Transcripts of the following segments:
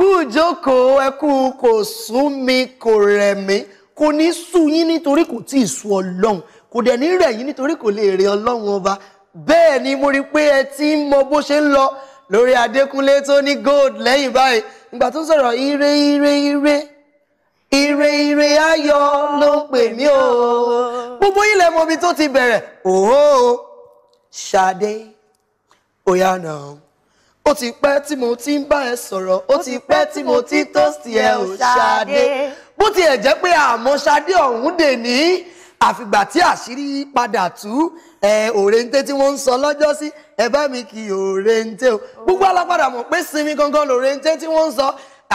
kú ìjókòó ẹ kú kò sún mi kò rẹ̀ mí kò ní sú yín nítorí kò tí ì sù ọlọ́run kò dẹ̀ ní rẹ̀ yín nítorí kò lè rẹ̀ ọlọ́run ọba bẹ́ẹ̀ ni mo rí i pé ẹ ti ń mọ bó ṣe ń lọ lórí adékúnlé tó ní gold lẹ́yìn báyìí ìgbà tó sọ̀rọ̀ ire ire ire ire ire ayọ̀ ló ń pè mí o gbogbo yín mọ̀ ibi tó ti bẹ̀rẹ̀ òhó ṣadé oyana. Oh, ó ti pẹ́ tí mo ti ń bá ẹ sọ̀rọ̀ ó ti pẹ́ tí mo ti tóòsì ẹ ò ṣáde bó tiẹ̀ jẹ́ pé àmọ́ ṣáde ọ̀hún dè ní àfìgbà tí àṣírí padà tú ẹ òrèǹté tí wọ́n ń sọ lọ́jọ́ sí ẹ bá mi kì í òrèǹté o gbogbo alápadà mọ̀ pé sinmi gangan lòrèǹté tí wọ́n ń sọ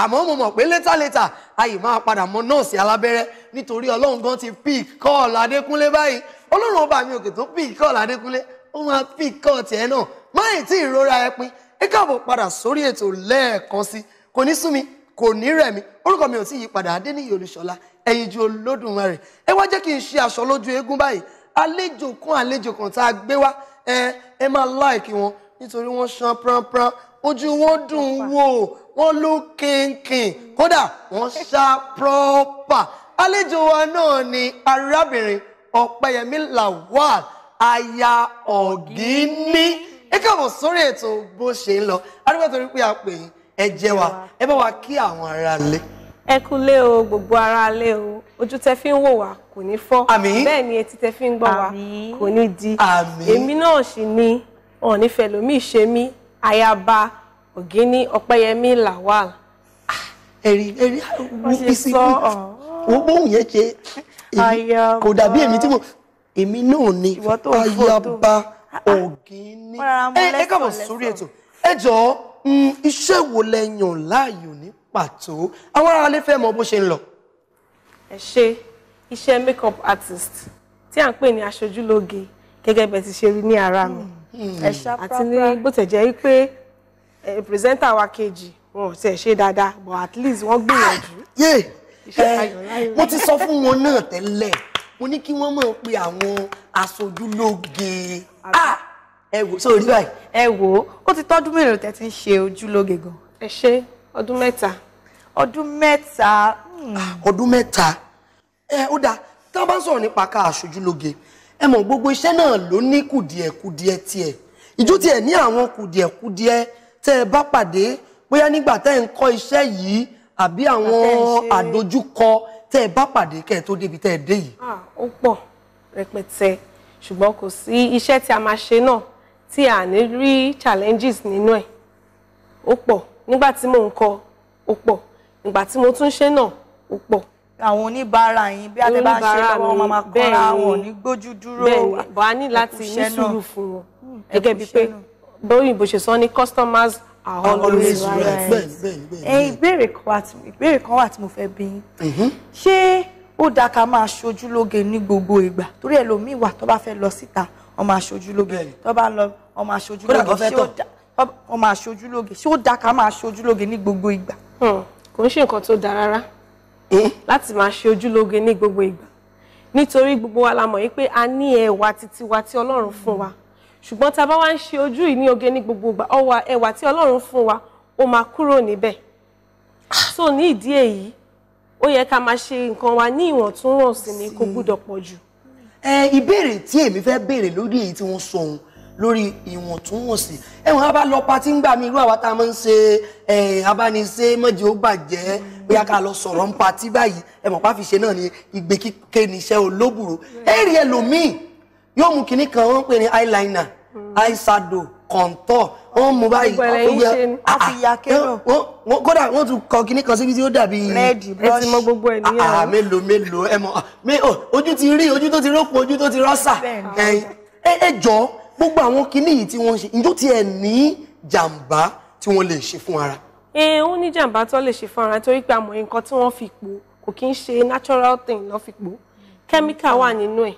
àmọ́ mo mọ̀ pé létà létà ayì máa padà mọ nọ́ọ̀sì alábẹ́rẹ́ nítorí ọlọ́run gan ti pík kọ́ọ̀lù adékúnlé báyìí ọlọ́run ọba mi òkè tó pík kọ́ọ̀lù adékúnlé ó máa pík kọ́ọ̀tì ẹ náà máyì tí ìrora ẹ pin ẹ káàbọ̀ padà sórí ètò lẹ́ẹ̀kan sí kò ní sú mi kò ní rẹ̀ mí orúkọ mi ò tí yí padà Adéníyì Olúṣọlá ẹ̀yin ju Olódùmarè ẹ wá jẹ́ kí n ṣe aṣọ lójú eégún báyìí àlejò kan àlejò kan tá a gbé wá ẹ ẹ máa láìkí wọn nítorí wọ́n ṣan pranpran ojú wọn dùn wò wọ́n ló kínkín kódà wọ́n ṣá pọ́pà àlejò wa náà ni arábìnrin Ọ̀pẹ́yẹmí Lawal aya Ọ̀gíní ẹ káàbọ̀ sórí ètò bó ṣe ń lọ arúgbó torí pé a pè yín ẹ jẹ́ wa ẹ bá wa kí àwọn ará lé. ẹ kú lé o gbogbo ará lé o ojú tẹ fi ń wò wá kò ní fọ́ bẹ́ẹ̀ ni etí tẹ fi ń gbọ́ wá kò ní di èmi náà sì ni wọn nífẹ̀ẹ́ ṣe mí ayaba ògíní ọpẹ́yẹmí lawal. Ah, ẹ̀rí ẹ̀rí bísí wọ́n bóun yẹn ṣe kò dàbí èmi tí mo èmi náà ni ayaba. Ah, ah. ògìní ẹ káàbọ̀ sórí ètò ẹ jọ̀ọ́ mm, iṣẹ́ wo lẹ yàn láàyò ní pàtó àwọn aráalé fẹ́ mọ bó ṣe ń lọ. ẹ ṣe iṣẹ́ makeup artist tí à ń pè ní aṣojúlóge gẹ́gẹ́ bẹ́ẹ̀ ti ṣe rí ní ara mi hmm. Hmm. àti ní bó tẹ̀ jẹ́ pé pírẹsẹ́ńtà wa kejì wọn ò tẹ̀ ṣe dáadáa but at least wọ́n gbìyànjú. Ah, eh, mo ti sọ fún wọn náà tẹ́lẹ̀ mo ní kí wọ́n máa pe àwọn aṣojúlóge ah ẹ wò so orí báyìí. ẹ wò ó ó ti tọ́dún mélòó tẹ́ ti ń ṣe ojúlóge gan. ẹ ṣe ọdún mẹ́ta. ọdún mẹ́ta. Hmm. Ah, ọdún mẹ́ta ẹ ó dáa tá a bá ń sọ̀rọ̀ nípa ká aṣojúlóge ẹ mọ̀ gbogbo iṣẹ́ náà ló ní kùdìẹ̀kùdìẹ̀ tiẹ̀ ìjó tiẹ̀ ní àwọn kùdìẹ̀kùdìẹ̀ tẹ́ ẹ bá pàdé bóyá nígbà tẹ́ ẹ ń kọ́ iṣẹ́ yìí àbí àwọn àdojúkọ tẹ́ ẹ bá pàdé kẹ́ ẹ tó débi tẹ́ ẹ dé yìí. Ah, ó pọ̀ rẹpẹtẹ ṣùgbọ́n kò sí iṣẹ́ tí a máa ṣe náà tí a ní rí challenges nínú ẹ̀ ó pọ̀ nígbà tí mò ń kọ ó pọ̀ nígbà tí mo tún ṣe náà ó pọ̀ àwọn oníbàárà yín bí àtẹ bá ń ṣe lọ́wọ́ wọn máa kọ́ra wọn ní gbójú dúró wà ní láti ní sùúrù fún wọn gẹ́gẹ́ bíi pé bóyìnbó ṣe sọ ní customers are always right. ìbéèrè kan wà tí mo fẹ́ bi yín mhm. ṣé ó dáa ká máa ṣojú lóge ní gbogbo ìgbà torí ẹlòmíì wà tó bá fẹ́ lọ síta ọmọ aṣojú lóge tó bá lọ ọmọ aṣojú lóge ṣé ó dáa ọmọ aṣojú lóge ṣé ó dáa ká máa ṣojú lóge ní gbogbo ìgbà. Hmm, kò ń ṣe nǹkan tó dáa rárá eh? láti máa ṣe ojúlóge ní gbogbo ìgbà nítorí gbogbo wa la mọ̀ yí pé a ní ẹwà titi wa tí ọlọ́run fún wa ṣùgbọ́n tá a bá wá ń ṣe ojú yìí oge ní gbogbo ìgbà ọwà ẹwà tí ọlọ́run fún wa ó máa kúrò níbẹ̀ so ní ìdí èyí ó yẹ ká máa ṣe nǹkan wa ní ìwọ̀ntúnwọ̀nsì ni kò gbúdọ̀ pọ̀ jù. ẹ ìbéèrè tí èmi fẹ́ béèrè lórí èyí tí wọ́n sọ ohun lórí ìwọ̀ntúnwọ̀nsì ẹ̀wọ̀n a bá lọ patí ń gbà mí irú àwa tá a máa ń ṣe abániṣe mọ́jì ó bàjẹ́ bóyá ká lọ sọ̀rọ̀ ń patí báyìí ẹ̀mọ̀ pàfiṣe náà ni ìgbé kíké níṣẹ́ olóbùrò ẹ̀rì ẹlòmíì yóò mú kinní kan wọ́n ń pè ní eyeliner eyeshadow contour wọ́n mú báyìí ah, wọ́n kódà wọ́n tún kọ kíní kan síbi tí ó dàbí ẹtì mọ gbogbo ẹ̀ níyàwó àà ah, ah, mélòó mélòó ẹ mọ oh, ojú ti rí ojú tó ti rọ́pò ojú tó ti rọ́sà ẹ jọ gbogbo àwọn kíní yìí tí wọ́n ṣe ǹjọ́ ti ẹ̀ ní jàǹbá tí wọ́n lè ṣe fún ara. ẹ ó ní jàǹbá tó lè ṣe fún ara torí pé àmọ́ nǹkan tí wọ́n fi po kò kí ń ṣe natural thing lọ́ fi po kẹ́míkà wà nínú ẹ̀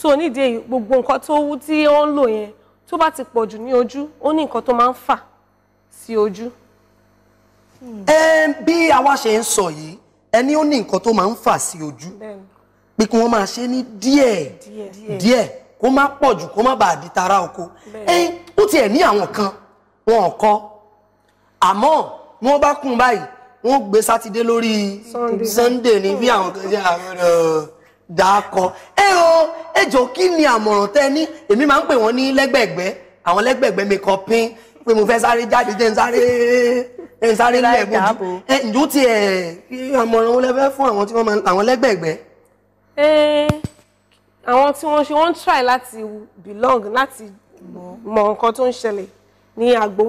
so nídìí gbogbo nǹkan tó wú tí ó ń lò yẹn tó bá ti pọ̀ jù ní ojú ó ní nǹkan tó máa ń fà sí ojú. bí àwa ṣe ń sọ yìí ẹni ó ní nǹkan tó máa ń fà sí ojú pé kí wọ́n máa ṣe ní díẹ̀ díẹ̀ kó má pọ̀ jù kó má bàa di tara oko ẹyin ó tiẹ̀ ní àwọn kan wọn ò kọ́ àmọ́ ni wọ́n bá kún báyìí wọ́n gbé sátidé lórí sunday ní bí àwọn kan ṣe àwọn ọ̀rọ̀ dákọ ẹ o ẹ jọ kí ni àmọ̀ràn tẹ ní èmi máa ń pè wọ́n ní lẹ́gbẹ̀gbẹ́ àwọn lẹ́gbẹ̀gbẹ́ mi kọ pín pé mo fẹ́ sáré jáde jẹ́ n sáré ẹ n sáré nílẹ̀ mojú ẹ ǹjọ́ ti ẹ̀ àmọ̀ràn wọn lẹ́fẹ́ fún àwọn tí wọ́n máa àwọn lẹ́gbẹ̀gbẹ́. àwọn tí wọ́n ṣe wọ́n ń try láti belong láti mọ nǹkan tó ń ṣẹlẹ̀ ní agbo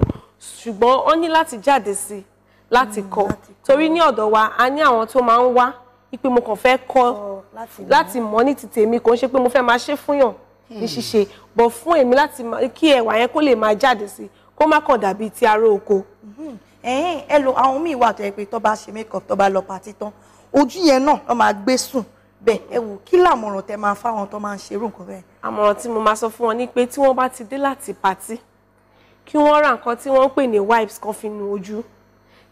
ṣùgbọ́n wọ́n ní láti jáde sí hmm, láti kọ́ torí ní ọ̀dọ̀ wa a ní àwọn tó máa ń wá ipe mo kàn fẹ́ kọ́ láti mọ̀ ní ti tèmi kò ń ṣe pé mo fẹ́ máa ṣe fúnyàn ní hmm. ṣíṣe bọ̀ fún èmi láti kí ẹwà yẹn kó lè máa jáde sí kó má kàn dàbí ti aró oko. Hmm. ẹ̀yin ẹ lo àwọn míì wà tó yẹ pé tó bá ṣe makeup tó bá lọ pàtí tán ojú yẹn náà wọ́n máa gbé sùn bẹ́ẹ̀ ẹ wò kí làmọ̀ràn tẹ máa fáwọn tó máa ń ṣerú nǹkan bẹ́ẹ̀. àmọ̀ràn tí mo máa sọ fún wọn ni pé tí wọ́n bá ti dé láti pàtí kí wọ́n ra nǹkan tí wọ́n ń pè ní wipes kan fi nu ojú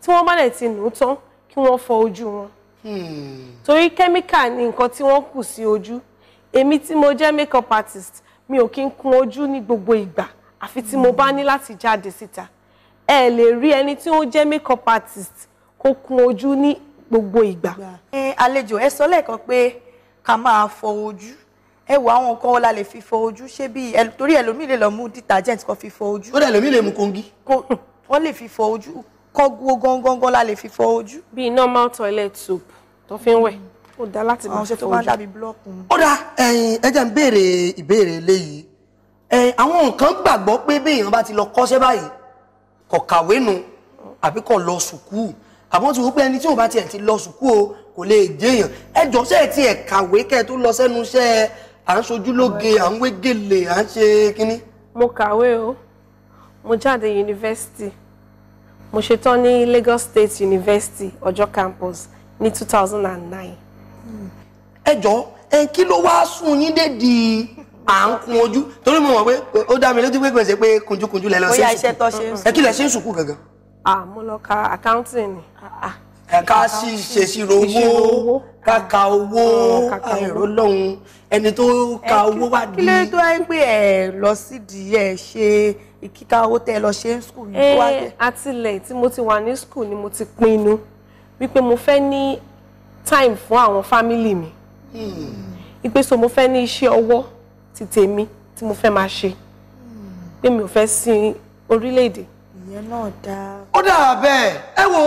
tí wọ́n bá dẹ̀ ti nù ú tán kí wọ́n fọ ojú wọn torí kẹ́míkà ni nǹkan tí wọ́n kù sí ojú èmi tí mo jẹ́ makeup artist mi ò kí ń kun ojú ní gbogbo ìgbà àfi tí mo bá ní láti jáde síta ẹ lè rí ẹni tí ó jẹ́ makeup artist kó kun ojú ní gbogbo ìgbà. ẹ àlejò ẹ sọ lẹ́ẹ̀kan pé ká máa fọ ojú ẹ wo àwọn nǹkan ọ̀la lè fi fọ ojú ṣé bí torí ẹlòmíì lè lọ mú detergent kan fi fọ ojú. ó dẹ̀ ẹlòmíì lè mú kongi. wọ́n lè fi fọ ojú kọ́ wo gangan la lè fi fọ ojú. bí normal toilet soap tó fi ń wẹ̀ ó dá láti máa fọ ojú. àwọn ṣe tó bá dàbí búlọ́ọ̀kù. ó dá ẹ jẹ́ ń béèrè ìbéèrè eléyìí àwọn nǹkan gbàgbọ́ pé béèyàn bá ti lọ kọ́ṣẹ́ báyìí kò kàwé nu àbí kò lọ sùkúù àmọ́ ti wò pé ẹni tí ò bá tiẹ̀ ti lọ sùkúù o kò lè jẹyàn ẹ jọ ṣe ẹ tiẹ̀ kàwé kẹ́ ẹ tó lọ sẹ́nu iṣẹ́ à ń ṣojú à ń wé à ń ṣe kínní. mo kàwé o mo jáde yunifásitì mo ṣetán ní Lagos State University Ọ̀jọ́ campus ní two thousand and nine. ẹ jọ ẹ kí ló wá sùn yín dé di à ń kun ojú torí mo mọ̀ pé ó dá mi lójú pé kò ṣe pé kunjúkunjú lẹ lọ sí sùkúù ẹ kí lẹ ṣe ń sùkúù gangan. à mo lọ ka accounting ni. Ah, ah. ká sì ṣèṣirò owó ká ka owó àìrò lọ́hùn ẹni tó ka owó wá di. kí ló tó wáyé pé ẹ lọ sídìí ẹ ṣe kíkà owó tẹ́ ẹ lọ ṣe ń skul ní tó wá eh, jẹ́. tí mo ti wà ní skul ni mo ti pinnu wípé mo fẹ́ ní time fún àwọn fámìlì mi ìpè hmm. so mo fẹ́ ní iṣẹ́ ọwọ́ ti tèmi tí mo fẹ́ máa ṣe hmm. pé mi ò fẹ́ sin orílẹ̀-èdè. ìyẹn náà dáa. ó dà bẹ́ẹ̀ ẹ wo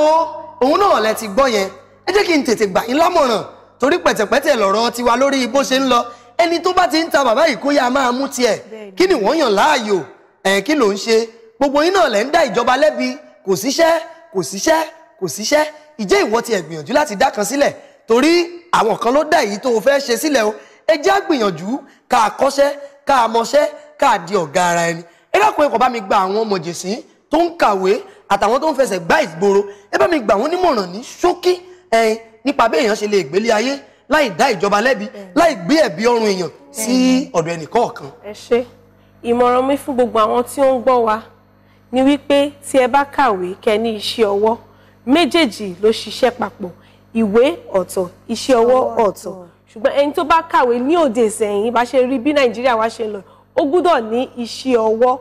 òun náà lẹ ti gbọ́ yẹn ẹ jẹ́ kí n tètè gbà yín lámọ̀ràn torí pẹ̀tẹ̀pẹ̀tẹ̀ lọ̀rọ̀ tiwa lórí bó ṣe ń lọ ẹni tó bá ti ń ta bàbá yìí kó yá máa mú tiẹ̀ kí ni wọ́n yàn láàyò ẹ̀ kí ló ń ṣe gbogbo yín náà lẹ́ ń dá ìjọba lẹ́bi kò síṣẹ́ kò síṣẹ́ kò síṣẹ́ ìjẹ́ ìwọ ti ẹ̀ gbìyànjú láti dá kan sílẹ̀ torí àwọn kan ló dá èyí tó o fẹ́ ṣe sílẹ̀ o ẹ jẹ́ àgbìyànjú ká kọ́ṣẹ́ ká mọṣẹ́ ká di ọ̀gá ara ẹni ẹ dákun ẹ kò bá mi gba àwọn ọmọ jèsì tó ń kàwé àtàwọn tó ń fẹsẹ̀ gbá ìgboro ẹ bá mi gbà wọ́n nímọ̀ràn ní ṣókí ẹyin nípa bí èèyàn ṣe lè gbélé ayé láì dá ìjọba lẹ́bi láì gbé ẹ̀bi ọrùn èèyàn sí ọ̀dọ̀ ẹnìkọ̀ọ̀kan. ẹ ṣe ìmọ̀ràn mi fún gbogbo àwọn tí ó ń gbọ́ wa ni wípé tí ẹ bá kàwé kẹ́ ní iṣẹ́ ọwọ́ méjèèjì ló ṣiṣẹ́ papọ̀ ìwé ọ̀tọ̀ iṣẹ́ ọwọ́ ọ̀tọ̀ ṣùgbọ́n ẹni tó bá kàwé ní òde ìsẹ̀yìn bá ṣe rí bí nàìjíríà wa ṣe lọ ó gbúdọ̀ ní iṣẹ́ ọwọ́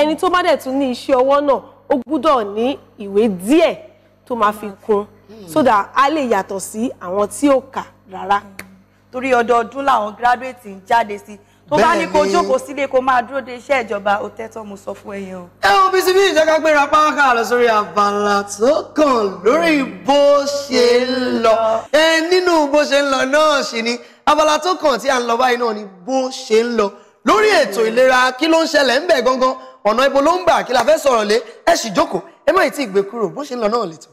ẹni tó bá dẹ̀ tún ní iṣẹ́ ọwọ́ náà ó gbúdọ̀ ní ìwé díẹ̀ tó máa fi kún so that a lè yàtọ̀ sí àwọn tí ò kà rárá. torí ọdọọdún làwọn gíráduwétì ń jáde sí i tó bá ní kó jókòó sílé kó máa dúró de iṣẹ́ ìjọba ó tẹ́tọ́ mo sọ fún ẹ̀yin o. ẹ wo bí síbí ìjọba gbéra páwákà lọ sórí abala tó kàn lórí bó ṣe ń lọ ẹ nínú bó ṣe ń lọ náà sì ni abala tó kàn tí à ń lọ báyìí náà ni bó ṣe ń lọ lórí ètò ìlera kí ló ń ṣẹlẹ̀ ń bẹ̀ gangan ọ̀nà ibo ló ń gbà kí la fẹ́ sọ̀rọ̀ lé ẹ sì jókòó ẹ má ì tí ì gbé kúrò bó ṣe ń lọ náà lè tó.